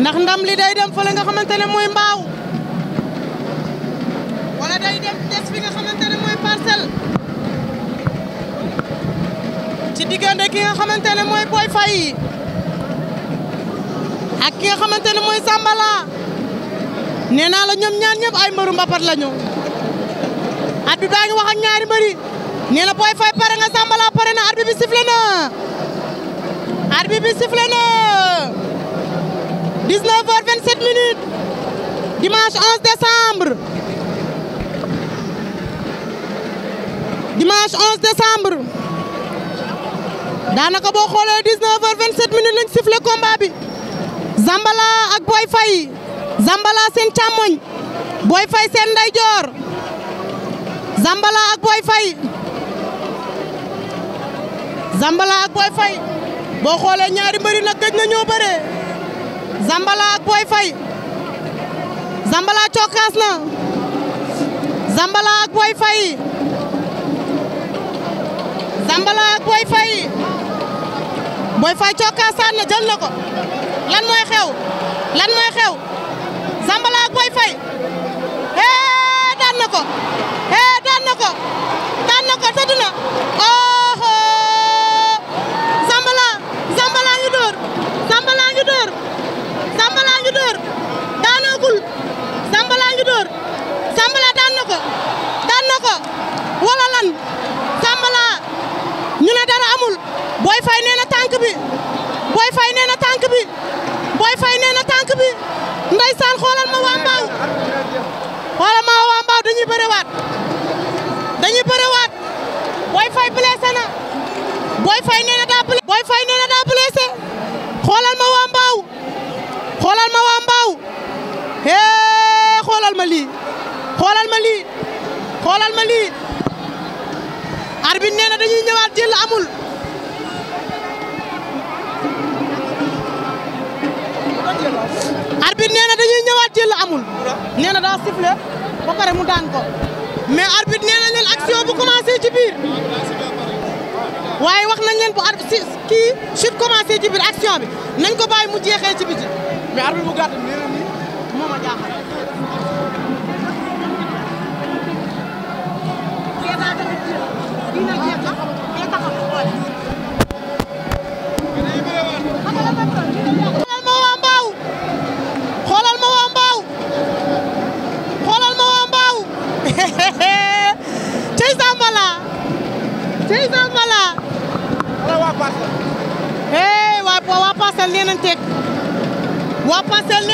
ndax ndam li day dem fële nga mbaaw wala day dem nga xamante ne mooy parcelle ci diggante ki nga xamante ne Boy Faye ak nga xamante ne mooy Zambala la ñoom ñaar ñëpp ay mbëru mbapat lañu arbitre bi daa ngi wax ak ñaari mbëri Boy Faye pare nga Zambala pare na arbitre bi sifflé na arbitre bi sifflé na 19 heures 27 minutes dimanche 11 décembre dimanche 11 daanaka boo xoolee 19 heures 27 minutes lañ sifflé combat bi Zambala ak Boy Faye Zambala seen càmmoñ Boy Faye seen ndeyjoor Zambala ak ak Boy Faye boo xoolee ñaari mbëri nag gëj na ñoo bëree Zambala ak Boy Faye cokkaas na Zambala ak Boy Faye Zambala ak Boy Faye Boy Faye na jël na ko lan mooy xew lan mooy xew Zambala ak Boy Faye hee na ko hee daan na ko daan na ko tëdd na oh! Sambala daan na ko daan na ko wala lan Sambala ñu dara amul Boy Faye nee na tànk bi Boy Faye nee na tànk bi Boy Faye xoolal ma waa Mbaaw xoolal ma waa Mbaaw dañuy bëriwaat dañuy bëriwaat Boy Faye blessé na na daa blessé nee na daa blessé xoolal ma waa Mbaaw xoolal ma waa Mbaaw hee xoolal ma lii xoolal ma lii xoolal ma lii arbitre nee dañuy ñëwaat jël amul arbitre nee dañuy ñëwaat jël amul nee na daa sifflé ba pare mu daan ko mais arbitre nee leen action bu commencé ci biir waaye wax nañ leen bu arbitre kii chute commencé ci biir action bi nañ ko bàyyi mu jeexee ci biti mais cey waa Parcelles waa Parcelles leeneen